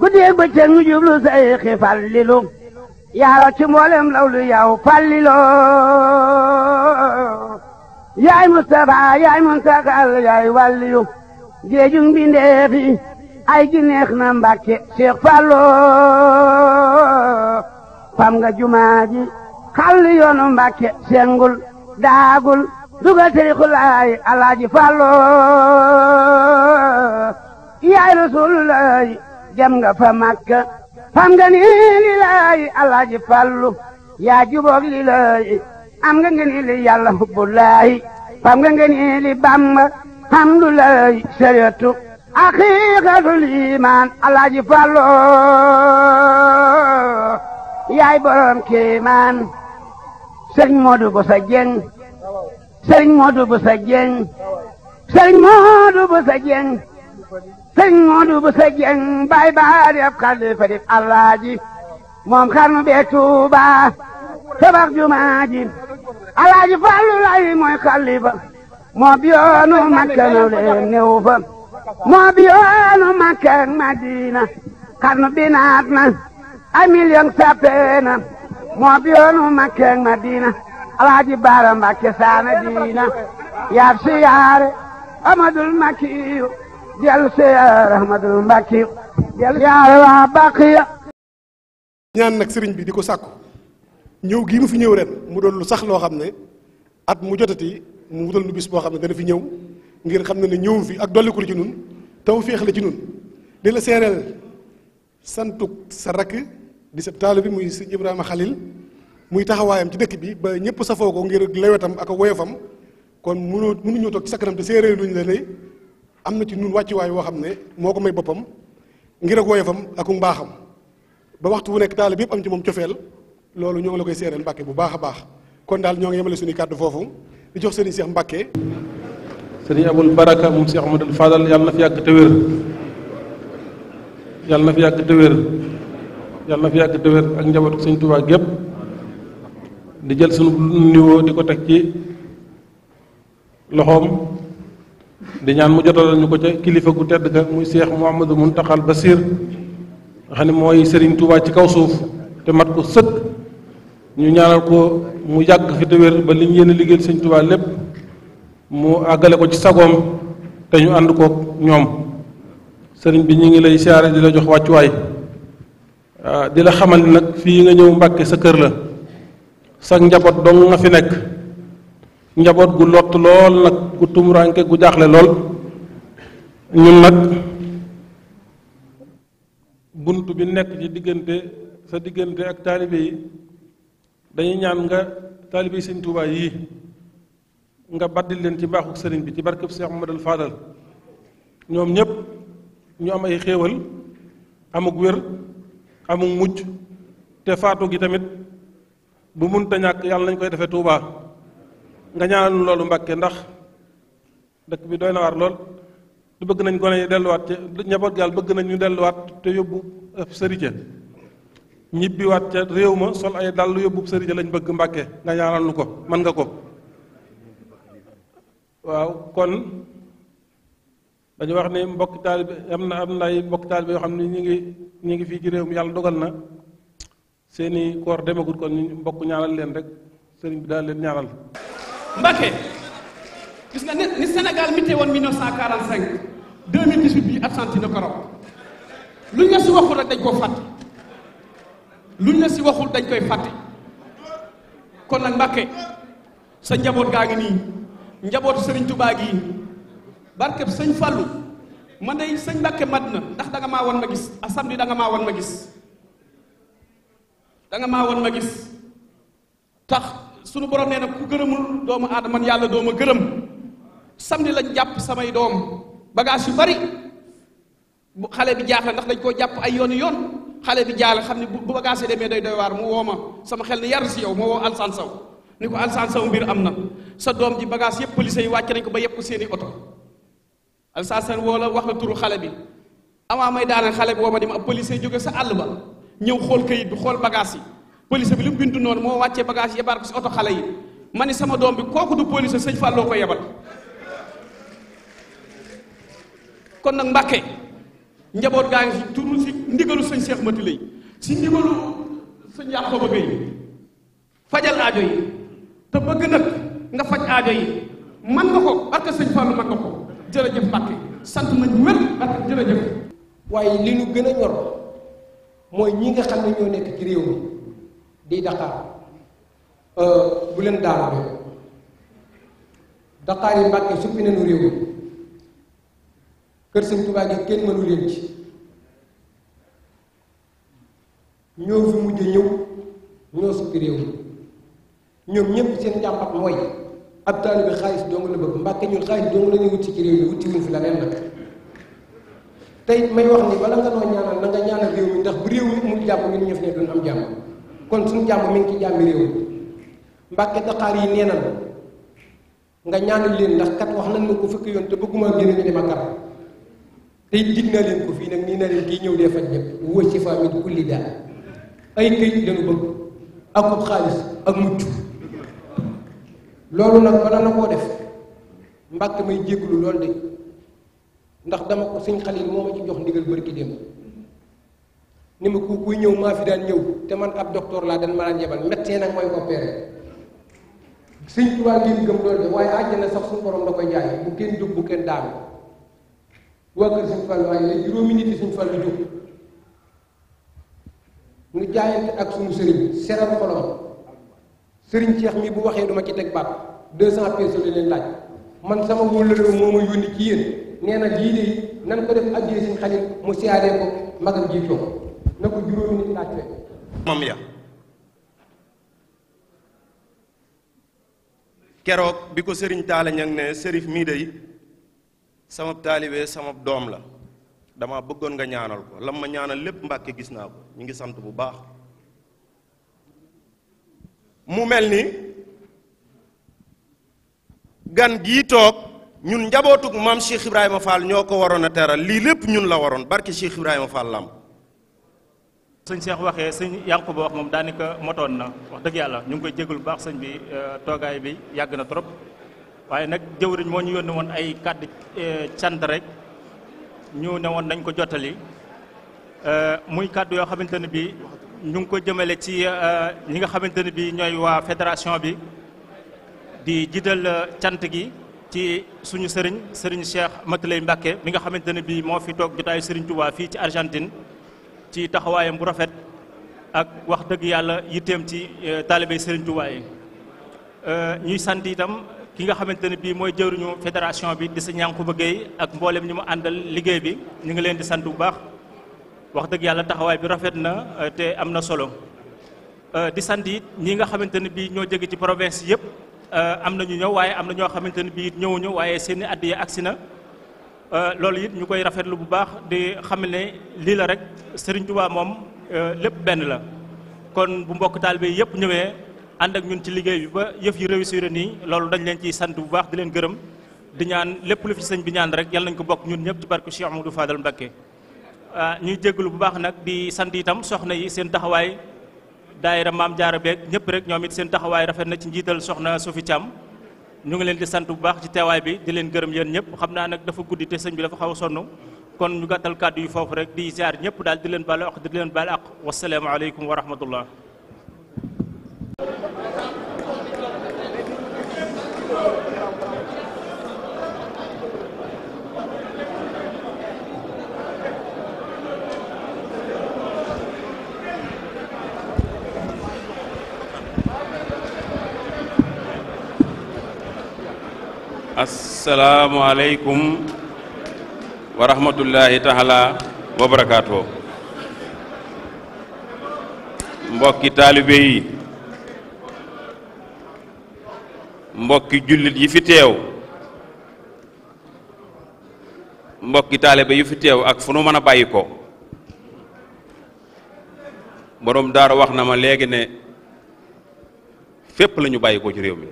guddeeg bëccëg ñu jublu sayxi fallilu yaaro ci mboolem lawlu yow fallilo yaay Mustafa yaay Muntakal yaay wàlliyu géejum bindeefi ay gi neex na Mbàkke Cheikh Fallo fam nga jumaa ji yoonu Mbàkke sengul daagul dugal tariixul ay alaaji Fallo yaay Rasulullaay jam nga fa Makka fam nga ni lilaayi alaaji Fallu yaa juboog lilaayi am nga ngeen li yàlla hubbulaayi fam nga ngeen li Bàmba hamdulaayi sariyatu aqiiqatul iimaan alaaji Fallu yaay borom kéemaan sëriñ Modou Boussa Dieng sëriñ Modou Boussa Dieng sëriñ Modou Boussa Dieng sëñ Moodu bu sa jeng bay baa di ab xalifa di alaaji moom xarnu bee Tuuba tabax jumaa ji alaaji Fallu lay mooy xalifa moo bi yoonu Makka naw leen néew fa moo bi yoonu Makka ak Madina xarnu bi naat na ay million sappee na moo bi yoonu Makka ak Madina alaaji Baara Mbàkke saana diina yaab siyaare amadul makiyu dellusi yaa rahmatul mbàkki ñaan nag sëriñ bi di ko sàkku ñëw gii mu fi ñëw ren mu doon lu sax loo xam ne at mu jotati mu wutal nu bis boo xam ne dana fi ñëw ngir xam ne ne ñëw fi ak dolliku la ci nun taw féex la ci nun di la seereel santuk sa rakk di sa taalu bi muy si Ibrahima Khalil muy taxawaayam ci dëkk bi ba ñëpp safoo ko ngir lewetam ak woyofam kon mënoo mënuñoo toog ci sa kanam te séeréer luñ la ne am na ci ñun wàccuwaay woo xam ne moo ko may boppam ngir ak woyofam ak mbaaxam ba waxtu wu nekk taalib yëpp am ci moom cofeel loolu ñoo ngi la koy seereel Mbàkke bu baax a baax kon daal ñoo ngi yemale suñu kàddu foofu di jox sëriñ seex Mbàkke sëriñ Abul Baraka moom seex mu Fadal yàlla na yàlla na fi yàgg te wér yàlla na fi yàgg te ak njabootu sëñ Tuubaa gépp di jël suñu niveau di ko teg ci loxoom di ñaan mu jotalal ñu ko ca kilifa gu tedd ga muy seex Muhammadu Muntaxal Basiir nga xam ne mooy Sëriñ Tuubaa ci kaw suuf te mat ko sëkk ñu ñaanal ko mu yàgg fi te wér ba li ñu yéen a liggéeyal Sëriñ lépp mu àggale ko ci sagoom te ñu ànd kook ñoom sëriñ bi ñu ngi lay siyaare di la jox wàccuwaay ah, di la xamal nag fii nga ñëw Mbàkke sa kër la sa njaboot doo nga fi nekk njaboot gu lott lool nag gu tumuraanke gu jaaxle lool ñu nag bunt bi nekk ci diggante sa diggante ak taalibe yi dañuy ñaan nga taalibe yi Tuubaa yii nga baddil leen ci mbaaxu sëriñ bi ci barkeb Seex Muhammadul Faadal ñoom ñépp ñu am ay xéewal amuk wér amuk mucc te faatu gi tamit bu munta ñàkk yàlla nañ koy defe Tuubaa nga ñaanal loolu mbakke ndax dëkk bi doy na lool du bëgg nañ gone yi delluwaat ca njaboot gaal bëgg nañ ñu delluwaat te yóbbu sëriñ ca ñibbiwaat ca réew ma sol ay dàll yóbbu sëriñ ca lañ bëgg Mbàkke nga ñaanal lu ko mën nga ko waaw kon dañu wax ni mbokk taalibe am na am na ay mbokk taalibe yoo xam ne ñu ngi ñu ngi fii ci réew mi yàlla dogal na seeni koor demagut kon mbokk ñaanal leen rek sëriñ bi daal leen ñaanal Mbacké gis nga ni Sénégal mi teewoon 1945 2018 bii absenti na ko rob luñ la si waxul rek dañ koo fàtte luñ la si waxul dañ koy fàtte kon nag Mbacké sa njaboot gaa ngi nii njabootu Serigne Touba gi barkeb sëñ Fallou man day sëñ Mbacké mat na ndax danga maa wan ma gis a samedi danga maa wan ma gis danga maa wan ma gis tax sunu borom nee na ku gërëmul doomu aadama man yàlla dooma gërëm samedi lañ jàpp samay doom bagage yu bari bu xale bi jaax jaaxle ndax dañ koo jàpp ay yoon yoon xale bi jaaxle xam ne bu bagage yi demee day doy waar mu woo ma sama xel ni yar si yow moo woo alsan saw ni ko alsan saw mbir am na sa doom ji bagage yëpp police yi wàcc nañ ko ba yëpp seeni oto alsan saw woo la wax la turu xale bi avant may daaneel xale bi wooma ma di ma ab police jóge sa àll ba ñëw xool kayit bi xool bagage yi police bi li mu bindu noonu moo wàccee bagage yebaar ko si oto xale yi ma ni sama doom bi kooku du police sëñ Fallou ko yebal kon nag Mbàkke njaboot gaa ngi si turu si ndigalu sëñ Cheikh Mati lay si ndigalu sëñ Yàqoo bëgg yi fajal aajo yi te bëgg nag nga faj aajo yi man nga ko barke sëñ Fallou man nga ko jërëjëf Mbàkke sant nañ wér barke jërëjëf waaye li ñu gën a ñor mooy ñi nga xam ne ñoo nekk ci réew di daqaar euh, bu leen daanoo rek daqaar yi Mbàkke suppi nañu réew mi kër Sëñ Tuubaa gi kenn mënul leen ci ñoo fi mujj ñëw ñoo suppi réew mi ñoom ñëpp seen njàmbat mooy ab taalibe bi xaalis dong la bëgg Mbàkke ñun xaalis dong la ñuy wut ci ci réew mi wuti wuñ fi la leen nag tey may wax ni bala nga noo ñaanal na nga ñaanal réew mi ndax bu réew mi mu jàmm ñun ñëf ne duñ am jàmm kon suñu jàmm mi ngi ci jàmmi réew mbàkke daqaar yi nee na nga ñaanal leen ndax kat wax nañ ma ko fukki yoon te bëgguma génn ñu dem ak tey dig naa leen ko fii nag nii na leen kii ñëw dee faj ñëpp wóor si famille du kulli daal ay këyit dañu bëgg akub xaalis ak mucc loolu nag bala na koo def mbàkke may jégglu lool de ndax dama ko sëñ yi moo ma ci jox ndigal bërki démb ni ma ku kuy ñëw maa fi daan ñëw te man ab docteur laa dan ma daan yebal médecin nag mooy opéré sëñ Tuubaa ngeen gëm loolu de waaye na sax suñu borom da koy jaay bu kenn jóg bu kenn daanu waa kër suñu fàllu waaye léegi juróomi nit yi suñu fàllu jóg ñu jaayante ak suñu sëriñ seral xolom sëriñ Ceex mi bu waxee duma ci teg baat deux cent pesos leen laaj man sama wóllëre moo ma yónni ci yéen nee na lii de nan ko def ajjee suñ xalit mu siyaaree ko magam jiitoo na ko juróomi nit laajte moom ya keroog bi ko sëriñ taala ñang ne sërif mii day sama taalibe sama doom la dama bëggoon nga ñaanal ko lam ma ñaanal lépp mbàkke gis naa ko ñu ngi sant bu baax mu mel ni gan gii toog ñun njabootug maam Cheikh Ibrahima Fall ñoo ko waroon a teral lii lépp ñun la waroon barke Cheikh Ibrahima Fall lam sëñ Cheikh waxee sëñ Yankuba wax moom daanaka motoon na wax dëgg yàlla ñu ngi koy jégalu bu baax sëñ bi euh, toogaay bi yàgg na trop waaye nag jëwriñ moo ñu yónni woon ay kàdd euh, cant rek ñu ne woon nañ ko jottali euh, muy kàdd yoo xamante ne bii ñu ngi ko jëmale ci ñi nga xamante ne bii ñooy waa fédération bi di jiital cant gi ci suñu sëriñ sëriñ Cheikh Matalay Mbacke mi nga xamante ne bii moo fi toog jotaayu sëriñ Touba fii ci Argentine. ci taxawaayam bu rafet ak wax dëgg yàlla yitteem ci e, taalibe Serigne Touba yi e, ñuy sant itam ki nga xamante ne bii mooy jëwriñu fédération bi di sa ñànku bëggee ak mboolem ñu mu àndal liggéey bi ñu ngi leen di sant bu baax wax dëgg yàlla taxawaay bi rafet na e, te am na solo di sant it ñi nga xamante ne bii ñoo jóge ci province yëpp am na ñu ñëw waaye am na ñoo xamante ne bii ñëwuñu waaye seen i addiya agsi na. Euh, loolu it ñu koy rafetlu bu baax di xam ne lii la rek sëriñ Touba moom euh, lépp benn la kon bu mbokk taalibe yépp ñëwee ànd ak ñun ci liggéey bi ba yëf yi réussir nii loolu dañ leen ciy sant bu baax di leen gërëm di ñaan lépp lu fi sëñ bi ñaan rek yàlla nañ ko bokk ñun ñëpp ci barke Cheikh Amadou Fadal Mbacké euh, ñuy jégalu bu baax nag di sant itam soxna yi seen taxawaay daayira maam jaara beeg ñëpp rek ñoom it seen taxawaay rafet na ci njiital soxna Sofi Thiam ñu ngi leen di sant bu baax ci teewaay bi di leen gërëm yéen ñëpp xam naa nag dafa guddi te sëñ bi dafa xaw a sonn kon ñu gàttal kàddu yi foofu rek di ziar ñëpp daal di leen baal ak di leen baal ak wasalaamaaleykum wa rahmatullah asalaamualeykum wa rahmatullahi taala wa barakaatu mbokki taalibe yi mbokki jullit yi fi teew mbokki taalibe yi fi teew ak fu nu mën a bàyyi ko daara wax na ma léegi ne fépp lañu ñu bàyyi ci réew mi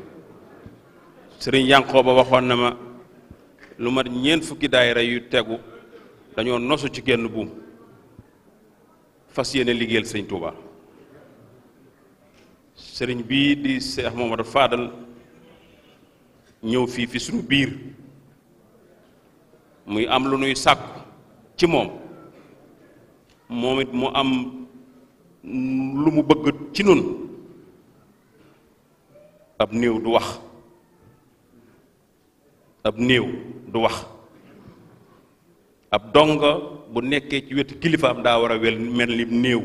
sëriñ Yanqooba waxoon na ma lu mat ñeent fukki daayira yu tegu dañoo nosu ci genn buum fas yéene liggéeyal sëriñ Touba sëriñ bii di Cheikh Mamadou faadal ñëw fii fi suñu biir muy am lu nuy sàkku ci moom moom it mu am lu mu bëgg ci nun ab néew du wax ab néew du wax ab donga bu nekkee ci wetu kilifaam daa war a wel mel ni néew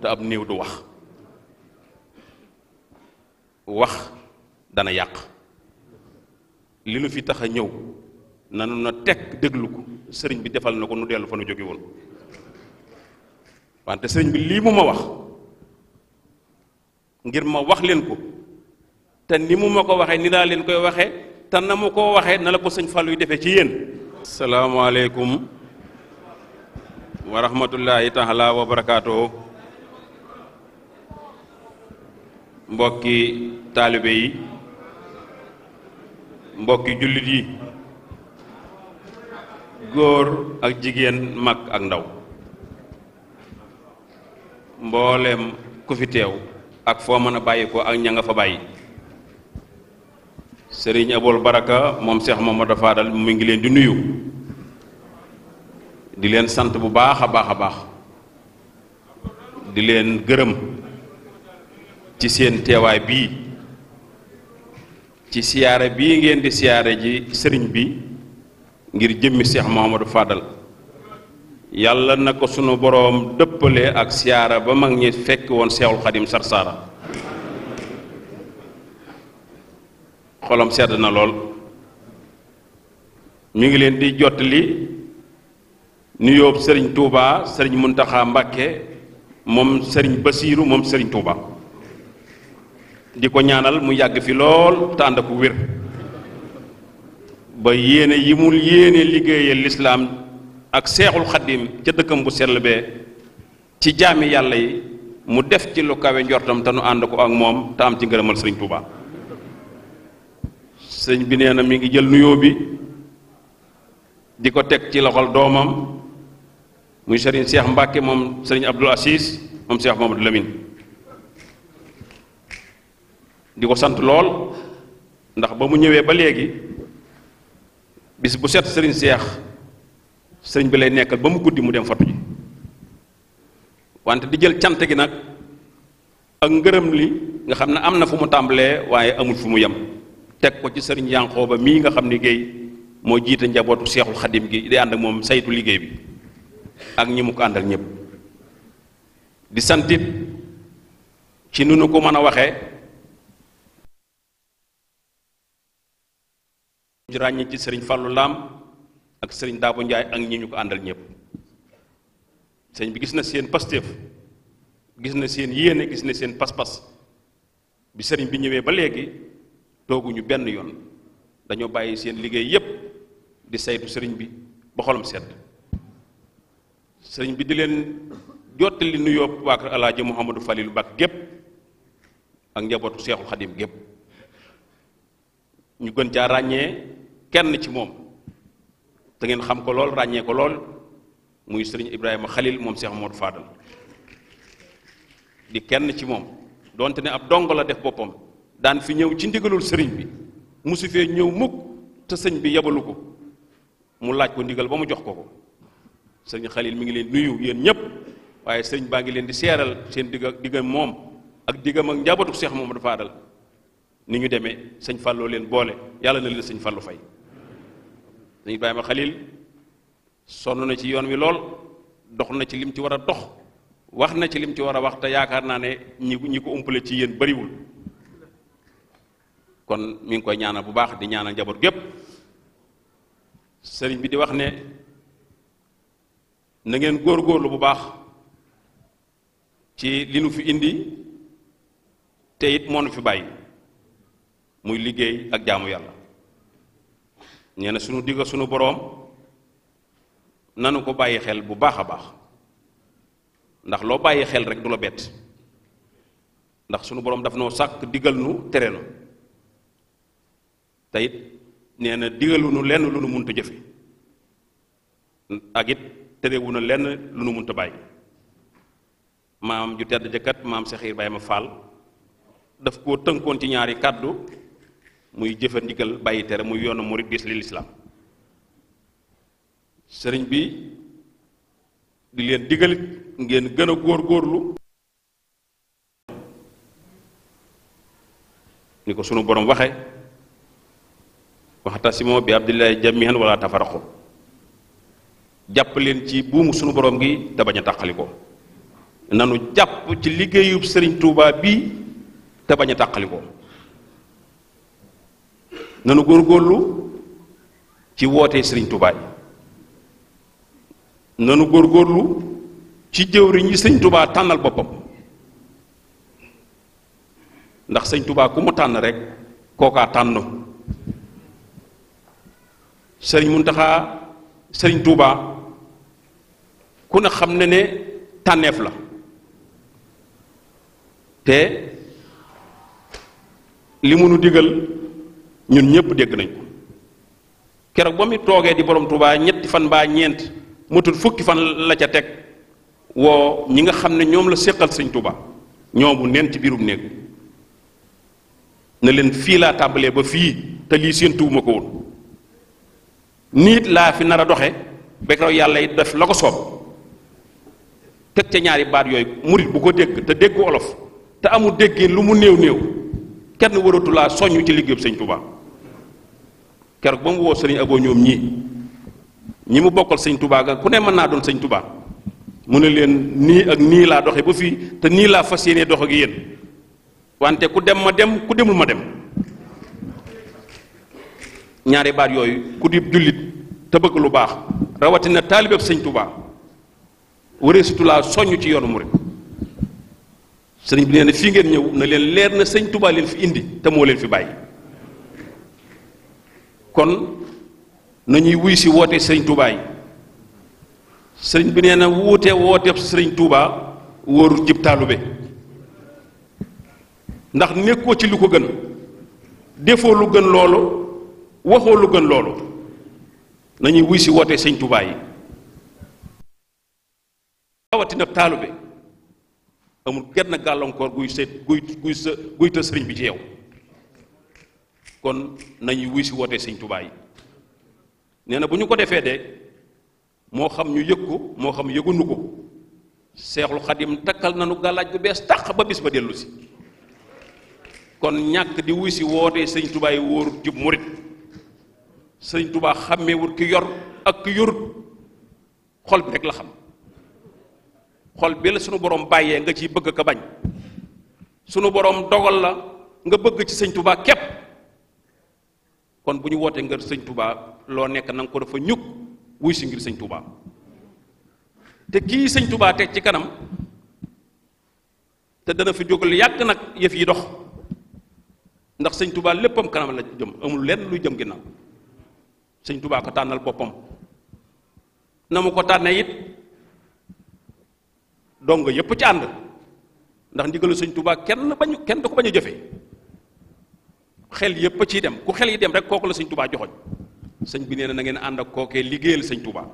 te ab néew du wax wax dana yàq li nu fi tax a ñëw nanu na teg déglu ko sëriñ bi defal na ko nu dellu fa nu jóge woon wante sëriñ bi lii mu ma wax ngir ma wax leen ko te nii mu ma ko waxee ni daa leen koy waxee te na mu ko waxee na la ko sëñ Fallou defee ci yéen. salaamaaleykum wa rahmatullahi taala wa barakaatu mbokki taalibe yi mbokki jullit yi góor ak jigéen mag ak ndaw mboolem ku fi teew ak foo mën a bàyyi ko ak ña nga fa bàyyi. sëriñ Abol Baraka moom Cheikh Mamadou Fadal mu ngi leen di nuyu di leen sant bu baax a baax a baax di leen gërëm ci seen teewaay bii ci siyaare bii ngeen di siyaare ji sëriñ bi ngir jëmmi Cheikh Mamadou Fadal yàlla na ko sunu boroom dëppale ak siyaara ba mag ñi fekk woon Seexul Xadim Sarsara xolam sedd na lool mi ngi leen di jottali nuyoob sëriñ Touba sëriñ Muntaxa Mbàkke moom sëriñ Basiiru moom sëriñ Touba di ko ñaanal mu yàgg fi lool te ànd ak wér ba yéene yi mu yéene liggéeyal lislaam ak seexul xaddim ca dëkkam bu sell bee ci jaami yàlla yi mu def ci lu kawe njortam te nu ànd ko ak moom te am ci ngërëmal sëriñ Touba. sëñ bi nee na mi ngi jël nuyoo bi di ko teg ci loxol doomam muy sëriñ seex Mbacke moom sëriñ Abdul Asis moom Cheikh Mamadou Lamine di ko sant lool ndax ba mu ñëwee ba léegi bis bu set sëriñ Cheikh sëriñ bi lay nekkal ba mu guddi mu dem fatu ji wante di jël cant gi nag ak ngërëm li nga xam ne am na fu mu tàmbalee waaye amul fu mu yem teg ko ci sëriñ ba mii nga xam ni Guèye moo jiite njabootu seexul xadim gi di ànd moom saytu liggéey bi ak ñi mu ko àndal ñëpp di santit ci nu nu ko mën a waxee ñu ci sëriñ Fallou Lam ak sëriñ Daabo Njaay ak ñi ñu àndal ñëpp sëñ bi gis na seen pastéef gis na seen yéene gis na seen pas-pas bi sëriñ bi ñëwee ba léegi tooguñu benn yoon dañoo bàyyi seen liggéey yépp di saytu sëriñ bi ba xolam sedd sëriñ bi di leen jottali nuyoo waa kër alaaji Mouhamadou Falilou Mbacke gépp ak njabootu Seexul Xadim gépp ñu gën caa ràññee kenn ci moom te ngeen xam ko lool ràññee ko lool muy sëriñ Ibrahima Khalil moom Seex Modou Fadal di kenn ci moom donte ne ab dong la def boppam daan fi ñëw ci ndigalul sëriñ bi musu fee ñëw mukk te sëñ bi yebalu ko mu laaj ko ndigal ba mu jox ko ko sëñ Xalil mi ngi leen nuyu yéen ñëpp waaye sëñ baa ngi leen di seeral seen digga digga moom ak diggam ak njabootu Seex Mamadu Faadal ni ñu demee sëñ Falloo leen boole yàlla na leen sëñ Fallu fay sëñ Ibrahima Xalil sonn na ci yoon wi lool dox na ci lim ci war a dox wax na ci lim ci war a wax te yaakaar naa ne ñi ñi ko umpale ci yéen bariwul kon mu ngi koy ñaanal bu baax di ñaanal njaboot gépp sëriñ bi di wax ne na ngeen góorlu bu baax ci li nu fi indi te it moo nu fi bàyyi muy liggéey ak jaamu yàlla nee na sunu digga sunu boroom nanu ko bàyyi xel bu baax a baax ndax loo bàyyi xel rek du la bett ndax sunu boroom daf noo sàkk diggal nu tere na te it nee na digalu nu lenn lu nu mënta jëfe ak it terewu na lenn lu nu mënta bàyyi maam ju tedd jëkkat maam Seex ma Fall daf koo tënkoon ci ñaari kàddu muy jëfe ndigal bàyyi tere muy yoonu murit gis li lislaam sëriñ bi di leen digalit ngeen gën a góor góorlu ni ko sunu boroom waxe waxtasimoo bi abdillahi jamihan wala tafaraqu jàpp leen ci buumu sunu boroom gi te bañ a tàqali ko nanu jàpp ci liggéeyub sëriñ Touba bii te bañ a tàqali ko nanu góorlu ci wootee sëriñ Touba yi nanu góorgóorlu ci jëwriñ yi sëriñ Touba tànnal boppam ndax sëriñ Touba ku mu tànn rekk kookaa tànn sëriñ taxaa sëriñ Tuubaa ku ne xam na ne tànneef la te li mu digal ñun ñëpp dégg nañ ko keroog ba mu toogee di borom Tuubaa ñetti fan baa ñeent matul fukki fan la ca teg woo ñi nga xam ne ñoom la séqal sëñ Tuubaa ñoomu neen ci biirum néeg na leen fii laa tàmbalee ba fii te lii séentuwuma ko woon niit laa fi nar a doxe ba keroog yàlla yi def la ko soob teg ca ñaari baat yooyu murit bu ko dégg te dégg olof te amul déggee lu mu néew néew kenn waratulaa soññ ci liggéeyub sëñ tubaa keroog ba mu woo sëriñ Abo ñoom ñii ñi mu bokkal sëñ Touba ga ku ne mën naa doon sañ Touba mu ne leen nii ak nii laa doxe ba fii te nii laa fas yéenee dox gi yéen wante ku dem ma dem ku demul ma dem ñaari baat yooyu ku di jullit te lu baax rawatina taalibeeb sëñ Tuubaa waree sutu laa soññ ci yoonu murit sëriñ bi nee fii ngeen ñëw na leen leer na sëñ Tuubaa leen fi indi te moo leen fi bàyyi kon nañuy wuy si woote sëriñ Tuubaa yi sëriñ bi nee na wooteeb sëriñ Tuubaa wóoru jib taalube ndax nekkoo ci lu ko gën defoo lu gën loolu waxoo lu gën loolu nañuy wuy si wootee sëñ Tuubaa yi rawatina taalube amul genn gàllankoor guy seet guy guy sa guy sëriñ bi ci yow kon nañuy wuy si wootee sëñ Tuubaa yi nee bu ñu ko defee de moo xam ñu yëg ko moo xam yëgunu ko seexlu xadim takkal nanu gàllaaj bu bees tàq ba bis ba dellu si kon ñàkk di wuy si wootee sëñ Tuubaa yi wóoru jub murit sëñ Tuubaa xàmmeewul ki yor ak ki yorut xol bi rek la xam xol bi la sunu borom bàyyee nga ci bëgg ka bañ sunu borom dogal la nga bëgg ci sëñ Tuubaa képp kon bu ñu wootee nga sëñ Tuubaa loo nekk na ko dafa ñukk wuy si ngir sëñ Tuubaa te kii sëñ tubaa teg ci kanam te dana fi jógal yàgg nag yëf yi dox ndax sëñ Tuubaa léppam kanam la jëm amul lenn luy jëm ginnaaw sëñ Tuubaa ko tànnal boppam na mu ko tànne it dong yépp ci ànd ndax ndigalu sëñ Tuubaa kenn bañu kenn da ko bañ jëfe xel yépp ciy dem ku xel yi dem rek kooku la sëñ Tuubaa joxoñ sëñ bi nee na ngeen ànd ak kookee liggéeyal sëñ Tuubaa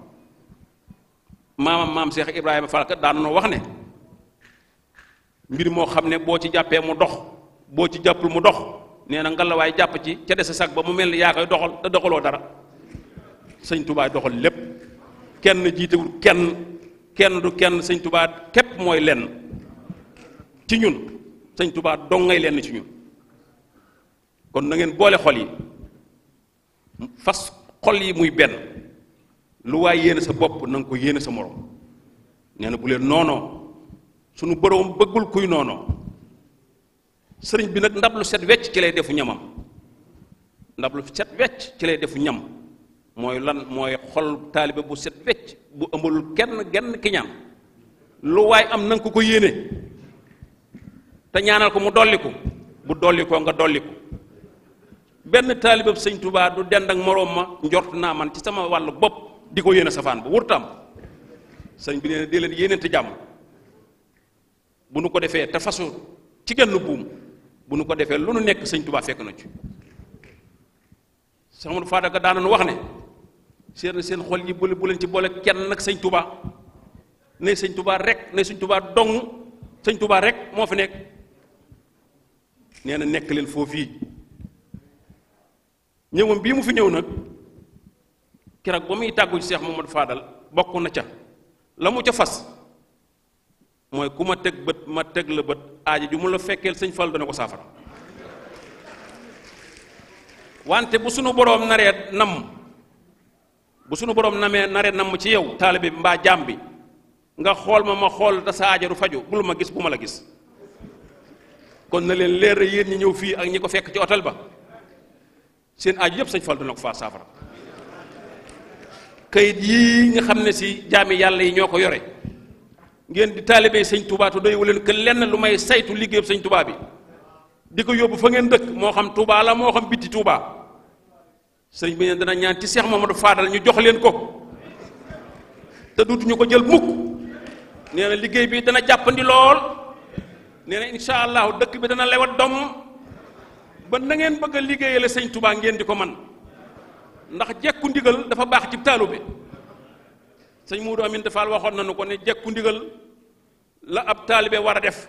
maamam maam seex Ibrahima Fall daan noo wax ne mbir moo xam ne boo ci jàppee mu dox boo ci jàppul mu dox nee na ngalawaay jàpp ci ca des sag ba mu mel ni yaa koy doxal te doxaloo dara sëñ tubaa doxal lépp kenn jiitewul kenn kenn du kenn sëñ tubaa képp mooy lenn ci ñun sëñ tubaa dongay lenn ci ñun kon na ngeen boole xol yi fas xol yi muy benn lu waay yéene sa bopp na ko yéene sa morom nee na bu leen noonoo sunu boroom bëggul kuy noonoo sëriñ bi nag ndab lu set wecc ci lay defu ñamam ndab lu set wecc ci lay defu ñam mooy lan mooy xol taalibe bu set wecc bu ëmbalul kenn genn ki lu waay am nanga ko ko yéene te ñaanal ko mu dolliku bu dollikoo nga dolliku benn taalibe bu sëñ Tuubaa du dend ak moroom ma njort naa man ci sama wàllu bopp di ko yéene safaan bu wurtam sëñ bi nee na di leen yéeneente jàmm bu nu ko defee te fasu ci genn buum bu nu ko defee lu nu nekk sëñ Tuubaa fekk na ci sax mu faadaka daana nu wax ne seen seen xol yi bu leen ci boole kenn nag sëñ tubaa ne sëñ tubaa rek ne sëñ tubaa dong sëñ tubaa rek moo fa nekk nee na nekk leen foofii ñëwam bii mu fi ñëw nag keroog ba muy tàggu ci Cheikh Mamadou Fadal bokk na ca la mu ca fas mooy ku ma teg bët ma teg la bët aaji ju mu la fekkeel sëñ Fall dana ko saafara wante bu sunu boroom naree nam bu sunu borom namee nare namm ci yow taalibe bi mbaa jaam bi nga xool ma ma xool da sa aajaru faju bul ma gis bu ma la gis kon na leen leer yéen ñu ñëw fii ak ñi ko fekk ci hôtel ba seen aaju yëpp sëñ Fall dana ko faa saafara kayit yii nga xam ne si jaami yàlla yi ñoo ko yore ngeen di taalibe sëñ Touba te doywu leen que lenn lu may saytu liggéeyam sëñ Touba bi di ko yóbbu fa ngeen dëkk moo xam Touba la moo xam bitti tuubaa sëriñ bi neen dana ñaan ci Seex Mamadu Faadal ñu jox leen ko te duutuñu ko jël mukk nee na liggéey bi dana jàppandi lool nee na allahu dëkk bi dana lewat doom ba na ngeen bëgg a liggéeyale sëñ Touba ngeen di ko man ndax jekku ndigal dafa baax ci taalibe sëñ Muudu Amin Fall waxoon nanu ko ne jekku ndigal la ab taalibe war a def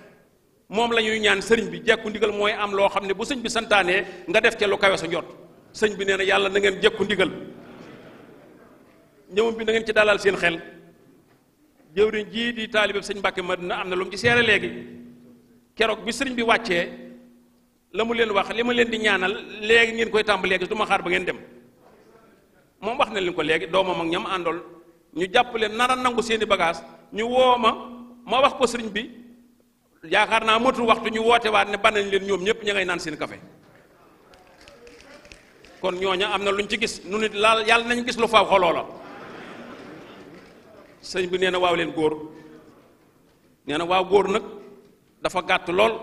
moom la ñuy ñaan sëriñ bi jekku ndigal mooy am loo xam ne bu sëñ bi santaanee nga def ca lu kawe sa njot sëñ bi nee na yàlla na ngeen jekku ndigal ñëwum bi nangeen ci dalal seen xel jëwriñ jii di taalibe sëñ mbakke Mbàkke Madina am na lu mu ci seere léegi keroog bi sëriñ bi wàccee la mu leen wax li ma leen di ñaanal léegi ngeen koy tàmbalee gis du ma xaar ba ngeen dem moom wax na leen ko léegi doomam ak ñam àndool ñu jàpp leen nara nangu seeni bagage ñu woo ma ma wax ko sëriñ bi yaakaar naa motul waxtu ñu woote waat ne banañ leen ñoom ñëpp ña ngay naan seen café kon ñooña am na lu luñ ci gis nu nit laal yàlla nañu gis lu faaw xoloo la sëñ bi nee na waaw leen góor nee na waaw góor nag dafa gàtt lool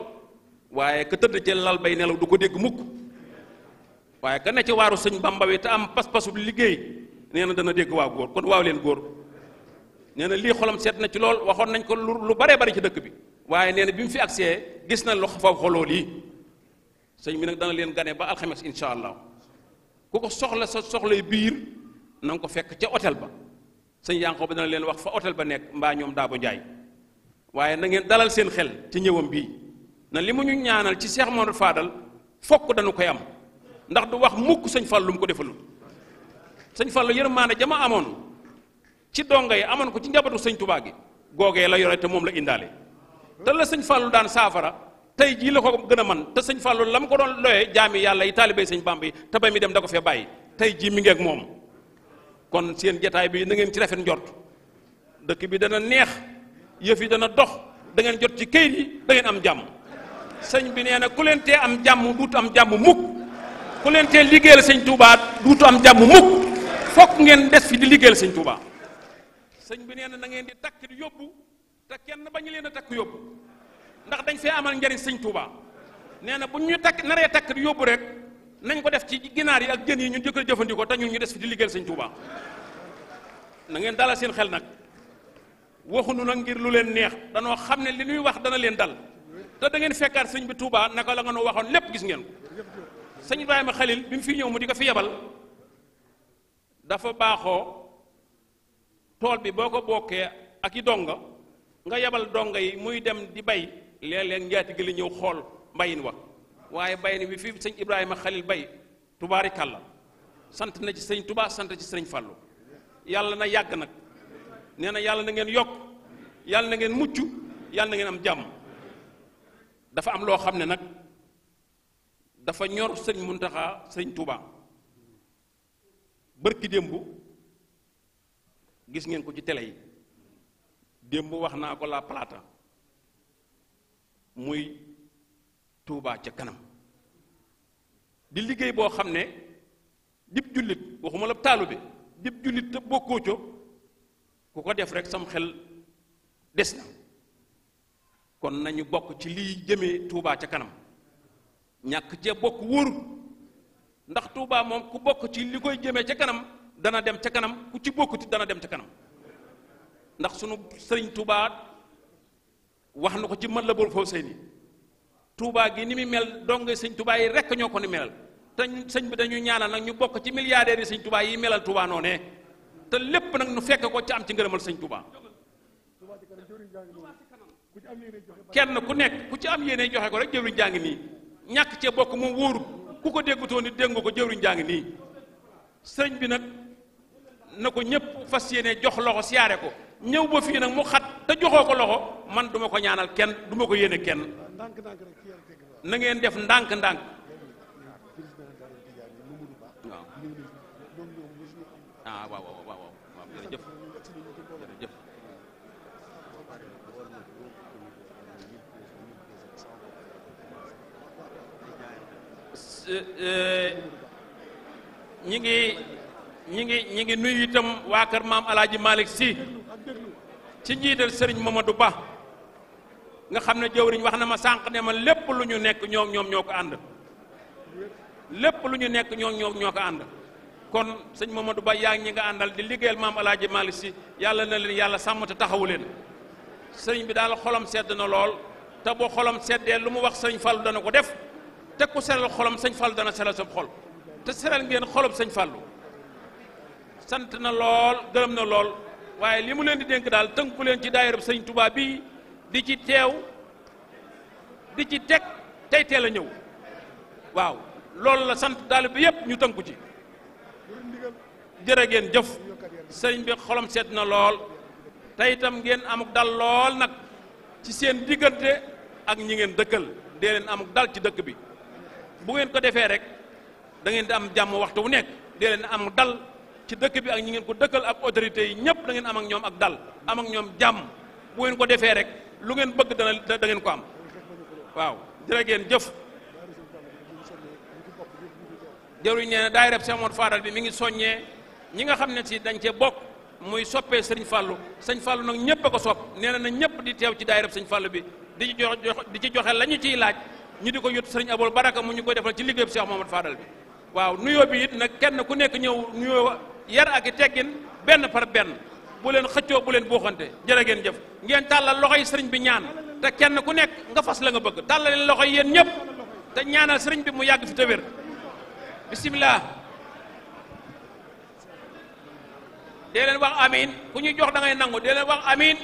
waaye ka tëdd ci lal bay nelaw du ko dégg mukk waaye ka ne ci waaru sëñ Bamba wi te am pas-pasu liggéey nee na dana dégg waaw góor kon waaw leen góor nee na lii xolam seet na ci lool waxoon nañ ko lu bare bari ci dëkk bi waaye nee na bi mu fi agsee gis na lu faw xoloo lii sëñ bi nag dana leen gane ba alxames incha allah ku ko soxla sa soxlay biir na nga ko fekk ca hôtel ba sëñ ba dana leen wax fa hôtel ba nekk mbaa ñoom Daabo Njaay waaye na ngeen dalal seen xel ci ñëwam bii na li mu ñu ñaanal ci Cheikh Mamadou Fadal fokk dañu koy am ndax du wax mukk sëñ Fallu mu ko defalul sëñ fal Fallu yërmaane jama amoon ci donga yi amoon ko ci njabootu sëñ Tubaa gi googee la yore te moom la indaale te la sëñ Fallu daan saafara tey jii la ko gën a man te sëñ Fallou la mu ko doon looyee jaami yàlla yi taalibey sëñ Bamba yi te ba mi dem da ko fee bàyyi tey jii mi ngi ak moom kon seen jataay bi na ngeen ci rafet njort dëkk bi dana neex yëf yi dana dox dangeen jot ci këyit yi da am jàmm sëñ bi nee na ku leen tee am jàmm duutu am jàmm mukk ku leen tee liggéeyal sëñ Touba duutu am jàmm mukk ngeen des fi sëñ Touba sëñ bi nee na ngeen di takk di yóbbu te kenn bañ leen a takk yóbbu ndax dañ see amal njëriñ sëñ Touba nee na bu ñu takk naree takk di yóbbu rek nañ ko def ci ginaar yi ak jën yi ñun jëkkër jëfandikoo te ñun ñu des fi di liggéeyal sëñ Touba na ngeen dalal seen xel nag waxunu nag ngir lu leen neex danoo xam ne li ñuy wax dana leen dal te da ngeen fekkaat sëñ bi Touba naka la nga noo waxoon lépp gis ngeen ko sëñ Ibrahima Khalil bi mu fi ñëw mu di nga fi yebal dafa baaxoo tool bi boo ko bokkee ak i donga nga yebal donga yi muy dem di bay léeg-léeg njaati gi ñëw xool mbayin wa waaye mbayin bi fii sëñ Ibrahima Xalil bay tubaari kàlla sant na ci sëñ tubaa sant ci sëñ Fallu yàlla na yàgg nag nee na yàlla na ngeen yokk yàlla na ngeen mucc yàlla na ngeen am jàmm dafa am loo xam ne nag dafa ñor sëñ Muntaxa sëñ tubaa bërki démb gis ngeen ko ci télé yi démb wax naa ko la plata muy Touba ca kanam di liggéey boo xam ne dib jullit waxuma la taalube dib jullit ta bokkoo co ku ko def rek sam xel des na kon nañu bokk ci liy jëme Touba ca kanam ñàkk cee bokk wóoru ndax Touba moom ku bokk ci li koy jëmee ca kanam dana dem ca kanam ku ci bokk bokkuti dana dem ca kanam ndax sunu sëriñ Touba wax na ko ci man la bool foofu seen i Touba gi ni mu mel dong sëñ Touba yi rek ñoo ko ni melal te sëñ bi dañu ñaanal nag ñu bokk ci milliardaires yi sëñ Touba yi melal Touba noonee te lépp nag nu fekk ko ci am ci ngërëmal sëñ Touba kenn ku nekk ku ci am yéene joxe ko rek jëwriñ jaa ngi nii ñàkk cee bokk moom wóoru ku ko déggutoo ni dégg ko jëwriñ jaa ngi nii sëñ bi nag na ko ñëpp fas yéene jox loxo siyaare ko ñëw ba fii nag mu xat te joxoo ko loxo man duma ko ñaanal kenn duma ko yéene kenn na ngeen def ndànk-ndànk waaw ah waaw waaw waaw eh, ngi ñi ngi ñi ngi itam waa maam alaaji Malick si ci njiital sëriñ du Ba nga xam ne jëwriñ wax na ma sànq ne ma lépp lu ñu nekk ñoom ñoom ñoo ko ànd lépp lu ñu nekk ñoom ñoom ñoo ko ànd kon sëñ Mamadou Ba yaa ngi ñi nga àndal di liggéeyal maam El Hadj si yàlla na leen yàlla sàmm te taxawu leen sëriñ bi daal xolam sedd na lool te boo xolam seddee lu mu wax sëriñ Fallou dana ko def te ku seral xolam sëñ Fallou dana seral sa xol te seral ngeen xolam sëñ Fallou sant na lool gërëm lool. waaye li mu leen di dénk daal tënku leen ci daayira sëñ tubaab bii di ci teew di ci teg tey teel a ñëw waaw loolu la sant daal bi yépp ñu tënku ci jërë ngeen jëf sëñ bi xolom seet na lool tey itam ngeen amuk dal lool nag ci seen diggante ak ñi ngeen dëkkal dee leen amuk dal ci dëkk bi bu ngeen ko defee rek dangeen ngeen am jàmm waxtu wu nekk dee leen amuk dal ci dëkk bi ak ñi ngeen ko dëkkal ak autorités yi ñëpp da ngeen am ak ñoom ak dal am ak ñoom jàmm bu ngeen ko defee rek lu ngeen bëgg dana da ngeen ko am waaw jërë ngeen jëf jëruñ nee na daay reb Seex Moodu Faadal bi mi ngi soññee ñi nga xam ne si dañ cee bokk muy soppee sëriñ fàllu sëñ fàllu nag ñëpp a ko sopp nee na ñëpp di teew ci daay reb sëñ fàllu bi di ci jox di ci joxe la ñu ciy laaj ñu di ko yot sëriñ abol baraka mu ñu koy defal ci liggéey bu Seex Mamadu Faadal bi waaw nuyoo bi nag kenn ku nekk ñëw nuyoo yar ak i teggin benn par benn bu leen xëccoo bu leen buuxante jërë ngeen jëf ngeen tàllal loxo yi sëriñ bi ñaan te kenn ku nekk nga fas la nga bëgg tàllal leen loxo yi yéen ñëpp te ñaanal sëriñ bi mu yàgg fi te wér bisimilah. dee leen wax amiin ku ñuy jox dangay ngay nangu dee wax amiin.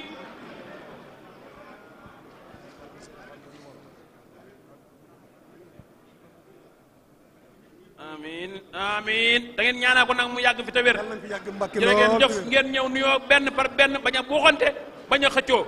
amiin amiin da ngeen ñaanal ko nag mu yàgg fi te wér. yàlla na fi yàgg mbàkk lool jërë ngeen jëf ngeen ñëw nuyoo benn par benn bañ a buuxante bañ a xëccoo.